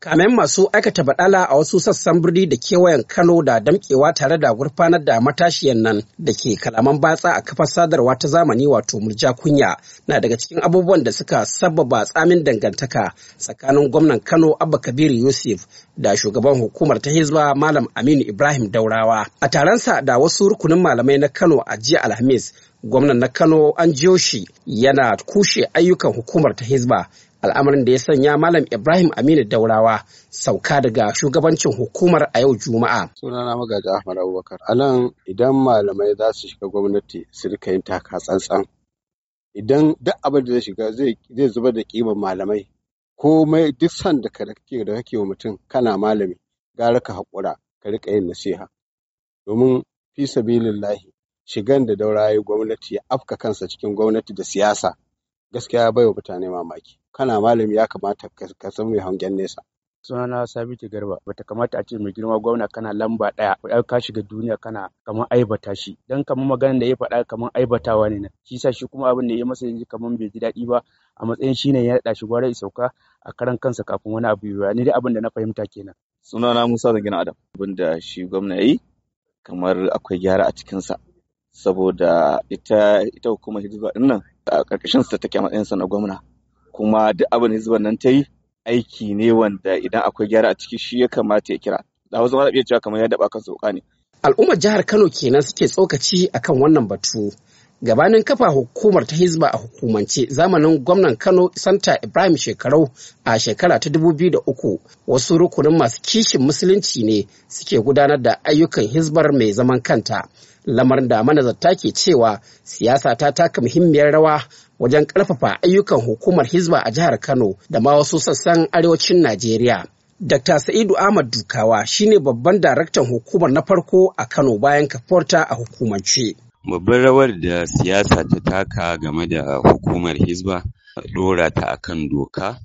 kamen masu aikata baɗala a wasu sassan birni da kewayen Kano da damƙewa tare da gurfanar da matashiyan nan da ke kalaman batsa a kafar sadarwa ta zamani wato murja kunya na daga cikin abubuwan da suka sababa tsamin dangantaka tsakanin gwamnan Kano Abba Kabiru Yusuf da shugaban hukumar ta Hizba Malam Aminu Ibrahim Daurawa. A taronsa da wasu rukunin malamai na Kano a jiya Alhamis gwamnan na Kano an jiyo shi yana kushe ayyukan hukumar ta Hizba al'amarin da ya sanya Malam Ibrahim Aminu Daurawa sauka daga shugabancin hukumar a yau Juma'a. Sunana magaji Ahmad Abubakar. Alan idan malamai za su shiga gwamnati su rika yin taka tsantsan. Idan duk abin da zai shiga zai zuba da kimar malamai komai duk sanda ka kake da kake wa mutum kana malami gara ka haƙura ka rika yin nasiha. Domin fi sabilillahi shigan da daura ya gwamnati ya afka kansa cikin gwamnati da siyasa gaskiya bai wa mutane mamaki kana malami ya kamata ka san mai hangen nesa sunana sabiti garba bata kamata a ce mai girma gwamna kana lamba ɗaya ko ka shiga duniya kana kamar aibata shi dan kamar maganar da ya faɗa kamar aibatawa ne nan shi sa shi kuma abin da ya masa yanzu kamar bai ji daɗi ba a matsayin shi ne ya daɗa shi gwara sauka a karan kansa kafin wani abu ya ni dai abin da na fahimta kenan sunana musa da gina adam abin da shi gwamna ya yi kamar akwai gyara a cikinsa saboda ita ita hukumar hizba din nan a karkashin sa take matsayin sa na gwamna kuma duk abin hizba nan ta yi aiki ne wanda idan akwai gyara a ciki shi ya kamata ya kira da wasu ma iya cewa kamar ya daba kan sauka ne al'ummar jihar Kano kenan suke tsokaci akan wannan batu gabanin kafa hukumar ta hizba a hukumance zamanin gwamnan kano santa ibrahim shekarau a shekara ta 2003 wasu rukunin masu kishin musulunci ne suke gudanar da ayyukan hizbar mai zaman kanta lamarin da manazarta ke cewa siyasa ta taka muhimmiyar rawa wajen ƙarfafa ayyukan hukumar hizba a jihar kano da ma wasu sassan arewacin najeriya Dr. Sa'idu Ahmad Dukawa shine babban daraktan hukumar na farko a Kano bayan kaforta a hukumance. Babban rawar da siyasa ta taka game da hukumar Hizba dora ta akan doka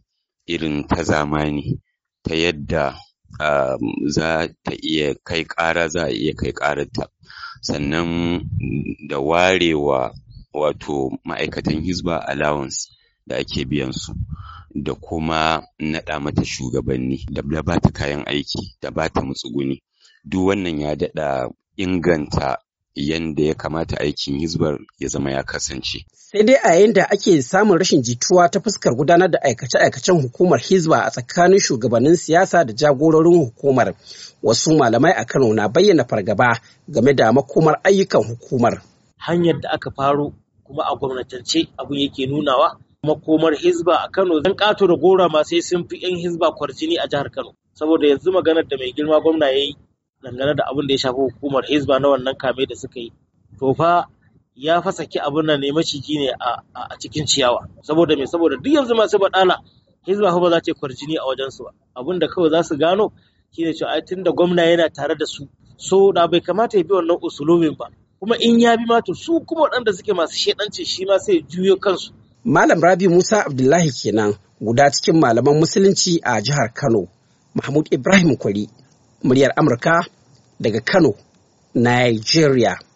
irin ta zamani ta yadda ah, za ta iya kai ƙara za a iya kai ta. sannan da warewa wato ma'aikatan hizba allowance da ake biyan su da kuma naɗa mata shugabanni da ba kayan aiki da bata matsuguni duk wannan ya daɗa inganta yanda ya kamata aikin hizbar ya zama ya kasance. Sai dai a yayin da ake samun rashin jituwa ta fuskar gudanar da aikace-aikacen hukumar hizba a tsakanin shugabannin siyasa da jagororin hukumar wasu malamai a Kano na bayyana fargaba game da makomar ayyukan hukumar. Hanyar da aka faro kuma a gwamnatance abin yake nunawa makomar hizba a Kano zan kato da gora masu sai sun fi 'yan hizba kwarjini a jihar Kano. Saboda yanzu maganar da mai girma gwamna ya yi dangane da abin da ya shafi hukumar hizba na wannan kame da suka yi to fa ya fasaki abin nan ne maciji ne a cikin ciyawa saboda me saboda duk yanzu masu badala hizba ba za ta kwarjini a wajen su ba abin da kawai za su gano shine cewa ai tunda gwamna yana tare da su so da bai kamata ya bi wannan usulumin ba kuma in ya bi ma to su kuma waɗanda suke masu shedanci shi ma sai juyo kansu malam rabi musa abdullahi kenan guda cikin malaman musulunci a jihar kano mahmud ibrahim kwari muryar amurka daga Kano, Nigeria.